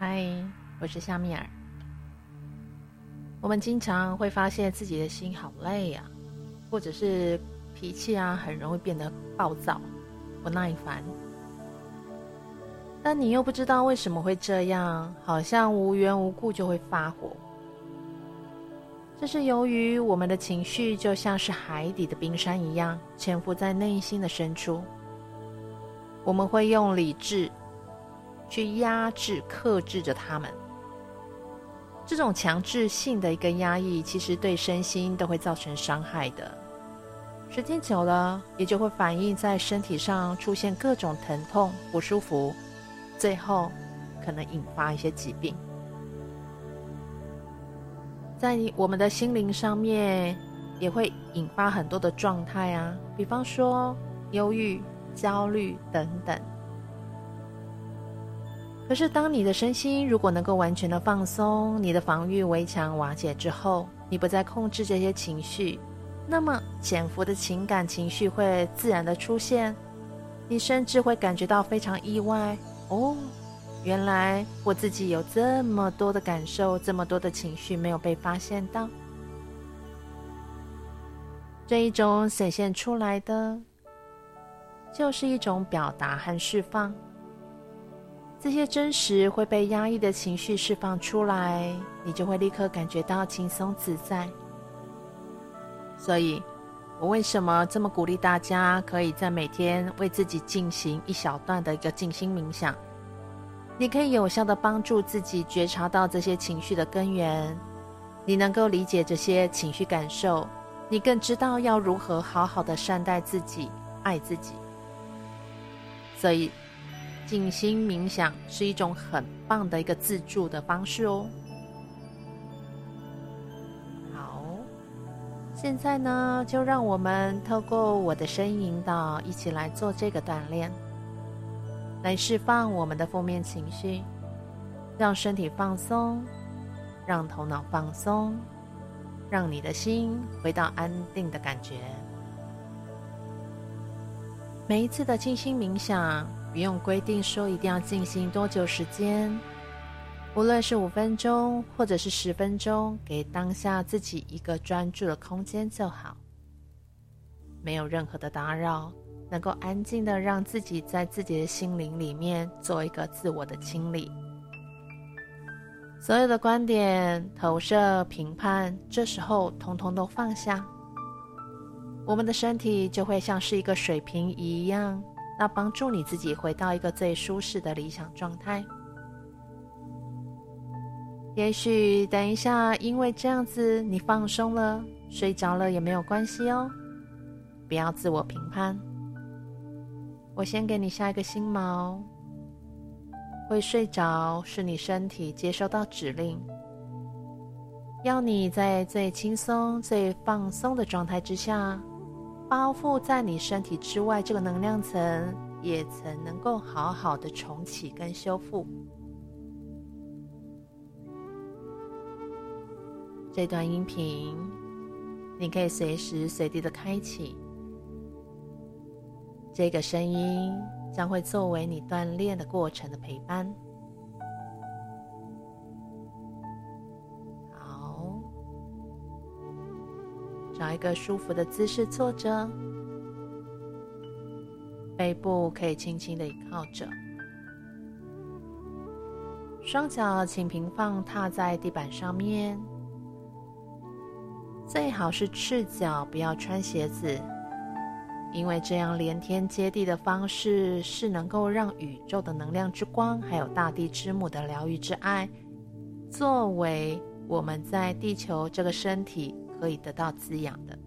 嗨，Hi, 我是夏米爾。我們經常會發現自己的心好累呀、啊，或者是脾氣啊很容易變得暴躁、不耐煩。但你又不知道為什麼會這樣，好像無緣無故就會發火。這是由於我們的情緒就像是海底的冰山一樣，潛伏在內心的深處。我們會用理智。去壓制、克制着他們，這種強制性的一個壓抑，其實對身心都會造成傷害的。時間久了，也就會反映在身體上，出現各種疼痛、不舒服，最後可能引發一些疾病。在你我們的心靈上面，也會引發很多的狀態啊，比方說憂鬱、焦慮等等。可是，當你的身心如果能夠完全的放鬆，你的防禦圍牆瓦解之後，你不再控制這些情緒，那麼潛伏的情感情緒會自然的出現。你甚至會感覺到非常意外哦，原來我自己有這麼多的感受，這麼多的情緒沒有被發現到。這一種顯現出來的，就是一種表達和釋放。這些真實會被壓抑的情緒釋放出來，你就會立刻感覺到輕鬆自在。所以，我為什麼這麼鼓勵大家，可以在每天為自己進行一小段的一個靜心冥想？你可以有效地幫助自己覺察到這些情緒的根源，你能夠理解這些情緒感受，你更知道要如何好好的善待自己，愛自己。所以。靜心冥想是一種很棒的一個自助的方式哦。好，現在呢，就讓我們透過我的聲音引導，一起來做這個鍛鍊，來釋放我們的負面情緒，讓身體放鬆，讓頭腦放鬆，讓你的心回到安定的感覺。每一次的靜心冥想。不用規定說一定要進行多久時間，無論是五分鐘或者是十分鐘，給當下自己一個專注的空間就好，沒有任何的打擾，能夠安靜的讓自己在自己的心靈裡面做一個自我的清理，所有的觀點、投射、評判，這時候通通都放下，我們的身體就會像是一個水瓶一樣。那幫助你自己回到一個最舒適的理想狀態。也許等一下，因為這樣子你放鬆了，睡着了也沒有關係哦。不要自我評判。我先給你下一個心錨。會睡着是你身體接收到指令，要你在最輕鬆、最放鬆的狀態之下。包覆在你身體之外這個能量層，也曾能夠好好的重啟跟修復。這段音頻，你可以隨時隨地的開啟。這個聲音將會作為你鍛鍊的過程的陪伴。找一個舒服的姿勢坐着，背部可以輕輕的靠着，雙腳請平放踏在地板上面，最好是赤腳，不要穿鞋子，因為這樣連天接地的方式是能夠讓宇宙的能量之光，還有大地之母的療癒之愛，作為我們在地球這個身體。可以得到滋養的。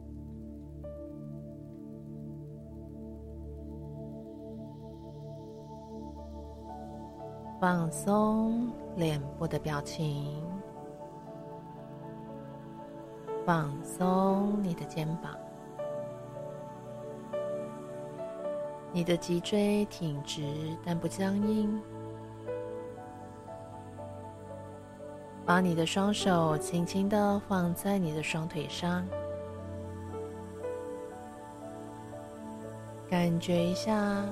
放鬆臉部的表情，放鬆你的肩膀，你的脊椎挺直，但不僵硬。把你的雙手輕輕的放在你的雙腿上，感覺一下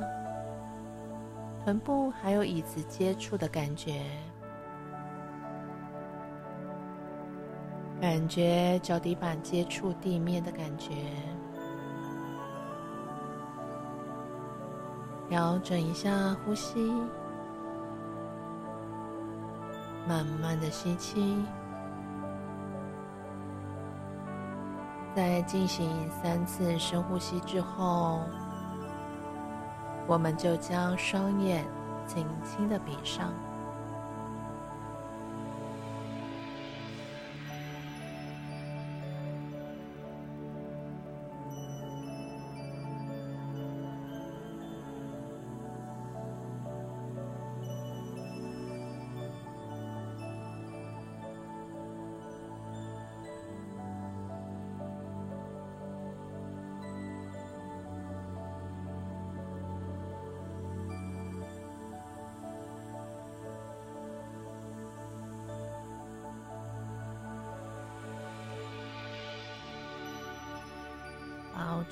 臀部還有椅子接觸的感覺，感覺腳底板接觸地面的感覺，調整一下呼吸。慢慢的吸氣，在進行三次深呼吸之後，我們就將雙眼輕輕的閉上。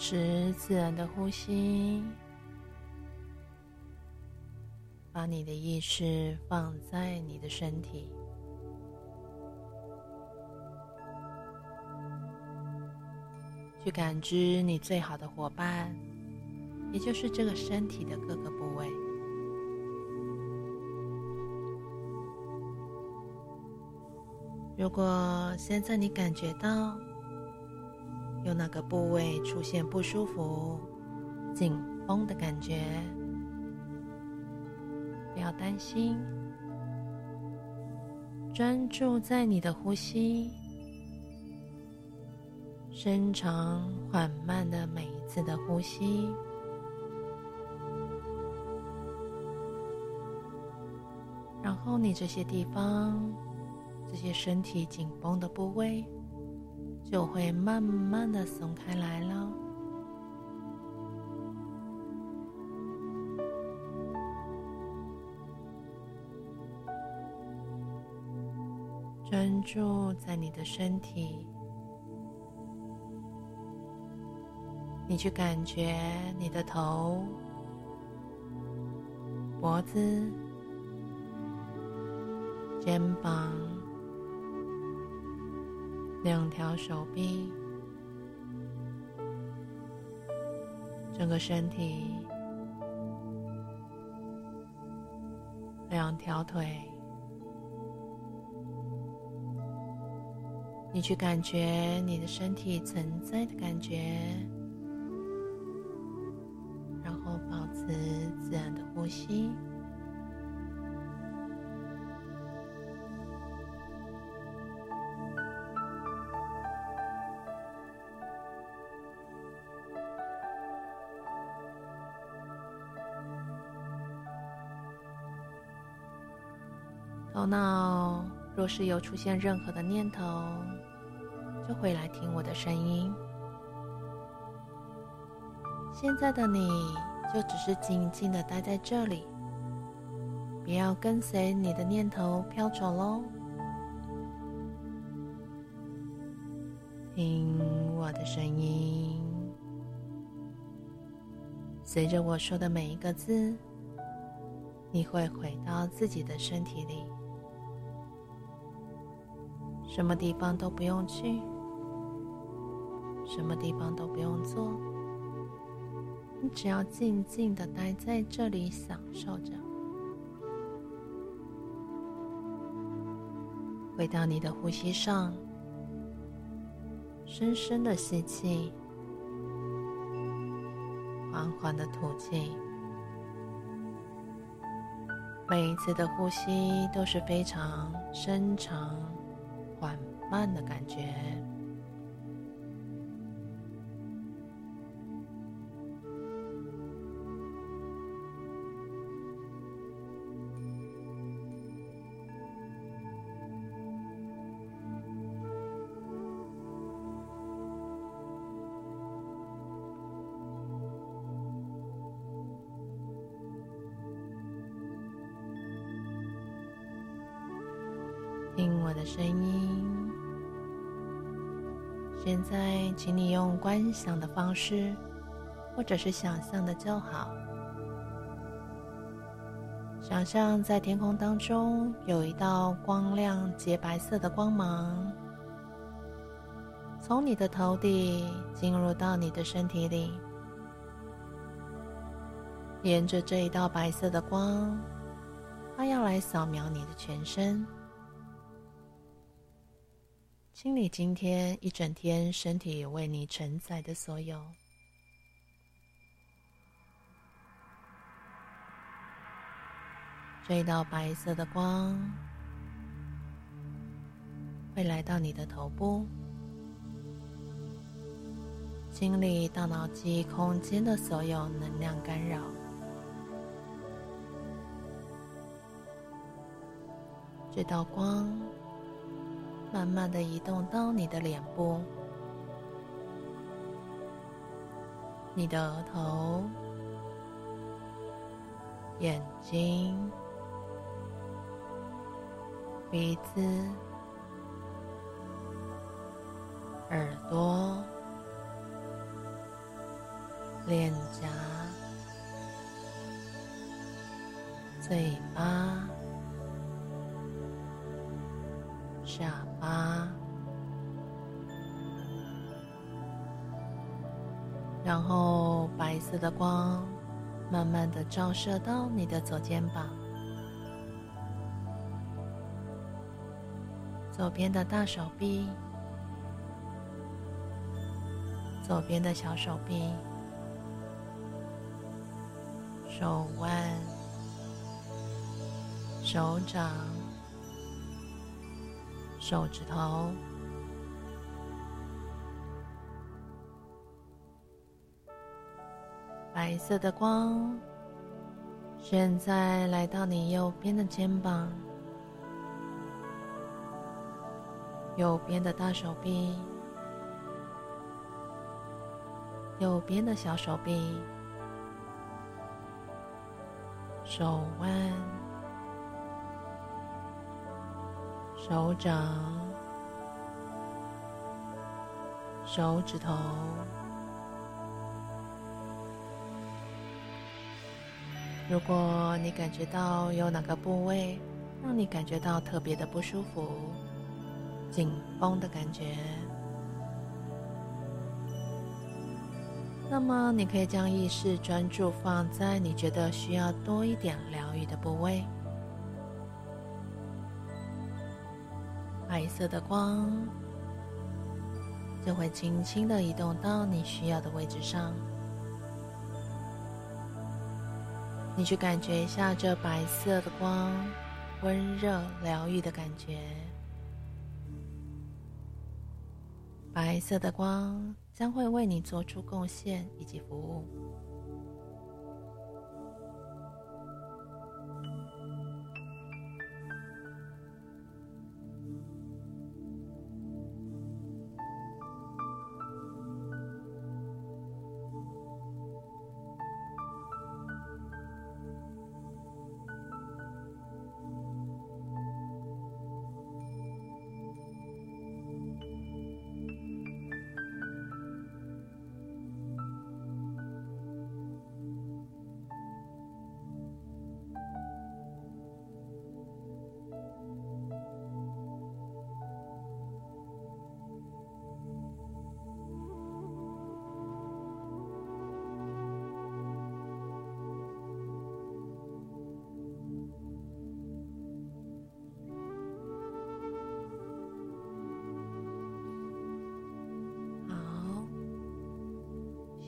時自然的呼吸，把你的意識放在你的身體，去感知你最好的夥伴，也就是這個身體的各個部位。如果現在你感覺到，有哪個部位出現不舒服、緊繃的感覺？不要擔心，專注在你的呼吸，深長緩慢的每一次的呼吸。然後你這些地方、這些身體緊繃的部位，就會慢慢的鬆開來了。專注在你的身體，你去感覺你的頭、脖子、肩膀。兩條手臂，整個身體，兩條腿，你去感覺你的身體存在的感覺，然後保持自然的呼吸。若是有出現任何的念頭，就回來聽我的聲音。現在的你就只是靜靜的待在這裡，不要跟隨你的念頭飄走嘍。聽我的聲音，隨着我說的每一個字，你會回到自己的身體裡。什麼地方都不用去，什麼地方都不用做，你只要靜靜地待在這裡，享受着，回到你的呼吸上，深深的吸氣，緩緩的吐氣，每一次的呼吸都是非常深長。緩慢的感覺。聽我的聲音。現在，請你用觀想的方式，或者是想象的就好。想象在天空當中有一道光亮、潔白色的光芒，從你的頭頂進入到你的身體裡，沿着這一道白色的光，它要來掃描你的全身。清理今天一整天身體為你承載的所有，這道白色的光會來到你的頭部，清理大腦記憶空間的所有能量干擾。這道光。慢慢的移動到你的臉部，你的額頭、眼睛、鼻子、耳朵、臉頰、嘴巴，下巴。然後，白色的光慢慢的照射到你的左肩膀、左邊的大手臂、左邊的小手臂、手腕、手掌、手指頭。白色的光，現在來到你右邊的肩膀、右邊的大手臂、右邊的小手臂、手腕、手掌、手指頭。如果你感覺到有哪個部位讓你感覺到特別的不舒服、緊繃的感覺，那麼你可以將意識專注放在你覺得需要多一點療癒的部位，白色的光就會輕輕的移動到你需要的位置上。你去感覺一下這白色的光，溫熱療癒的感覺。白色的光將會為你做出貢獻以及服務。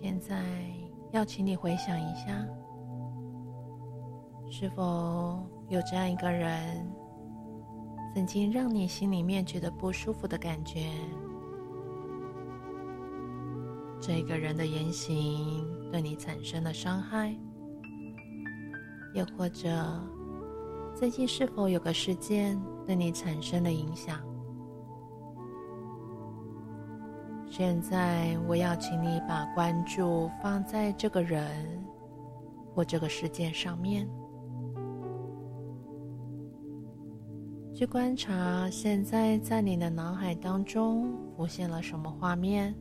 現在要請你回想一下，是否有這樣一個人，曾經讓你心裡面覺得不舒服的感覺？這個人的言行對你產生了傷害，又或者最近是否有個事件對你產生了影響？現在，我要請你把關注放在這個人或這個事件上面，去觀察現在在你的腦海當中浮現了什麼畫面，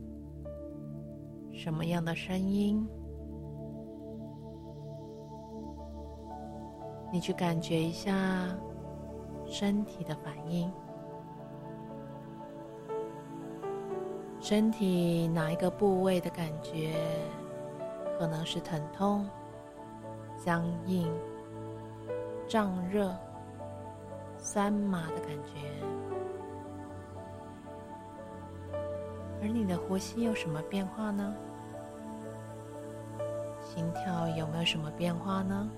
什麼樣的聲音，你去感覺一下身體的反應。身體哪一個部位的感覺可能是疼痛、僵硬、脹熱、酸麻的感覺？而你的呼吸有什麼變化呢？心跳有沒有什麼變化呢？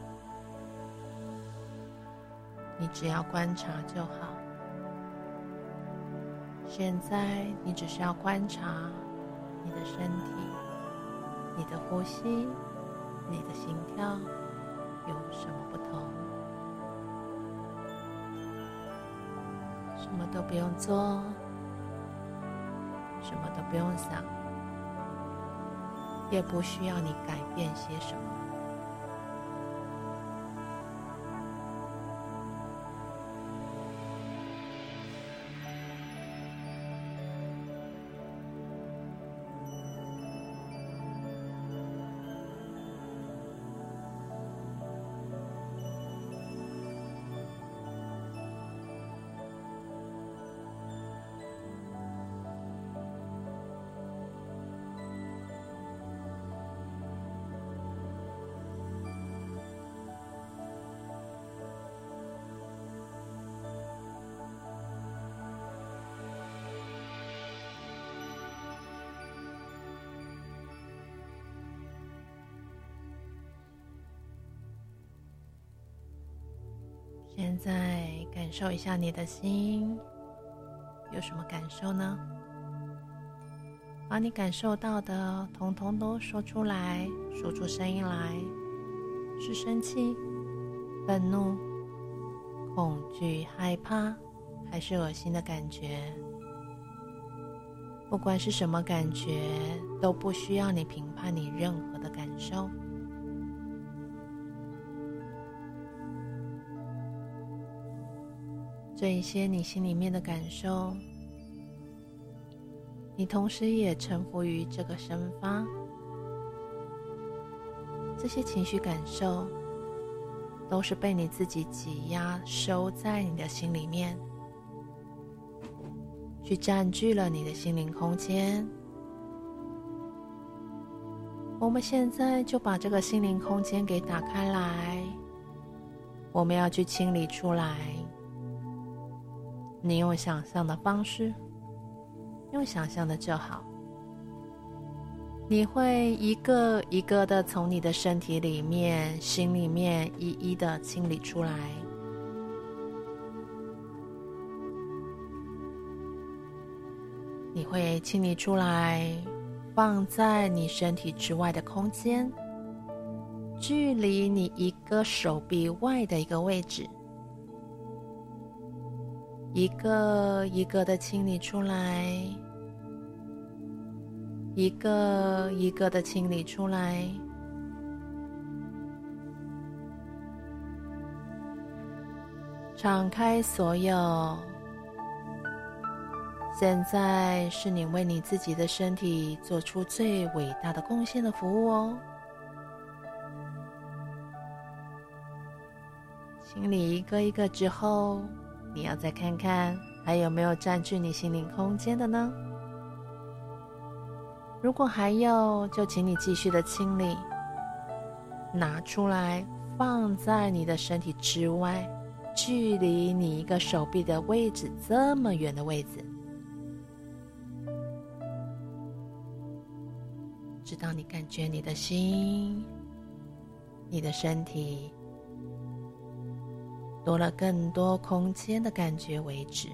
你只要觀察就好。現在你只是要觀察你的身體、你的呼吸、你的心跳有什麼不同，什麼都不用做，什麼都不用想，也不需要你改變些什麼。現在感受一下你的心，有什麼感受呢？把你感受到的統統都說出來，說出聲音來。是生氣、憤怒、恐懼、害怕，還是噁心的感覺？不管是什麼感覺，都不需要你評判你任何的感受。這一些你心裡面的感受，你同時也臣服於這個生發，這些情緒感受都是被你自己擠壓收在你的心裡面，去占據了你的心靈空間。我們現在就把這個心靈空間給打開來，我們要去清理出來。你用想象的方式，用想象的就好。你會一個一個的從你的身體裡面、心裡面一一的清理出來。你會清理出來，放在你身體之外的空間，距離你一個手臂外的一個位置。一個一個的清理出來，一個一個的清理出來，敞開所有。現在是你為你自己的身體做出最偉大的貢獻的服務哦。清理一個一個之後。你要再看看還有沒有佔據你心靈空間的呢？如果還有，就請你繼續的清理，拿出來放在你的身體之外，距離你一個手臂的位置這麼遠的位置，直到你感覺你的心、你的身體。多了更多空間的感覺為止，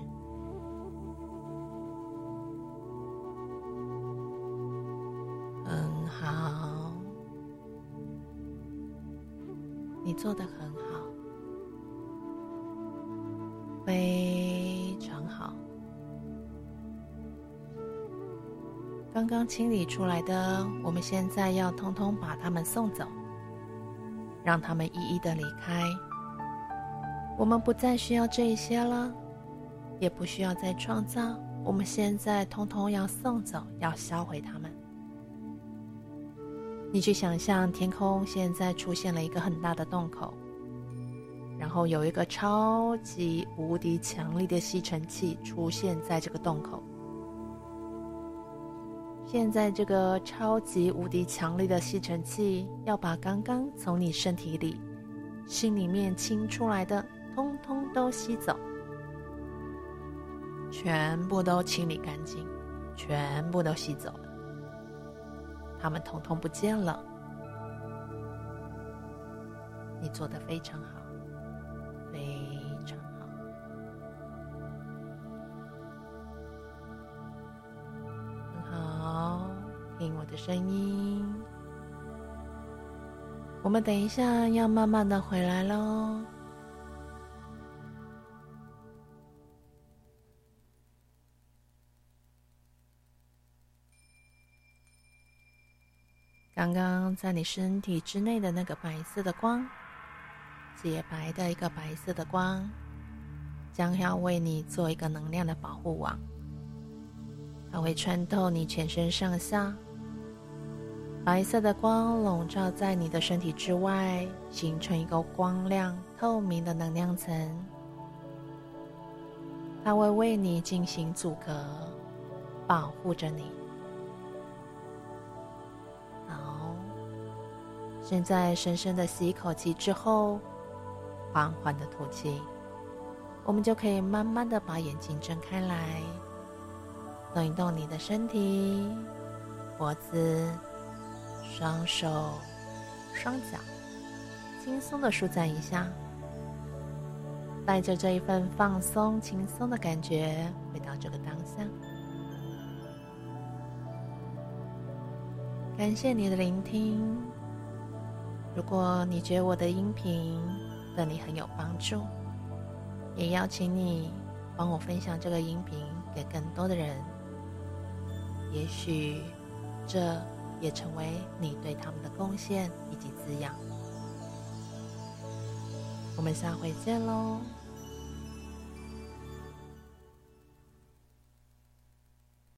很、嗯、好，你做得很好，非常好。剛剛清理出來的，我們現在要通通把他們送走，讓他們一一的離開。我們不再需要這一些了，也不需要再創造。我們現在統統要送走，要銷毀它們。你去想象，天空現在出現了一個很大的洞口，然後有一個超級無敵強力的吸塵器出現在這個洞口。現在這個超級無敵強力的吸塵器要把剛剛從你身體裡、心裡面清出來的。都吸走，全部都清理乾淨，全部都吸走了，他們統統不見了。你做得非常好，非常好，很好，聽我的聲音。我們等一下要慢慢的回來咯。剛剛在你身體之內的那個白色的光，潔白的一個白色的光，將要為你做一個能量的保護網。它會穿透你全身上下，白色的光籠罩在你的身體之外，形成一個光亮透明的能量層。它會為你進行阻隔，保護着你。正在，深深的吸一口氣之後，緩緩的吐氣，我們就可以慢慢的把眼睛睜開來，動一動你的身體，脖子、雙手、雙腳，輕鬆的舒展一下，帶着這一份放鬆、輕鬆的感覺回到這個當下。感謝你的聆聽。如果你覺得我的音頻對你很有幫助，也邀請你幫我分享這個音頻給更多的人。也許這也成為你對他們的貢獻以及滋養。我們下回見嘍。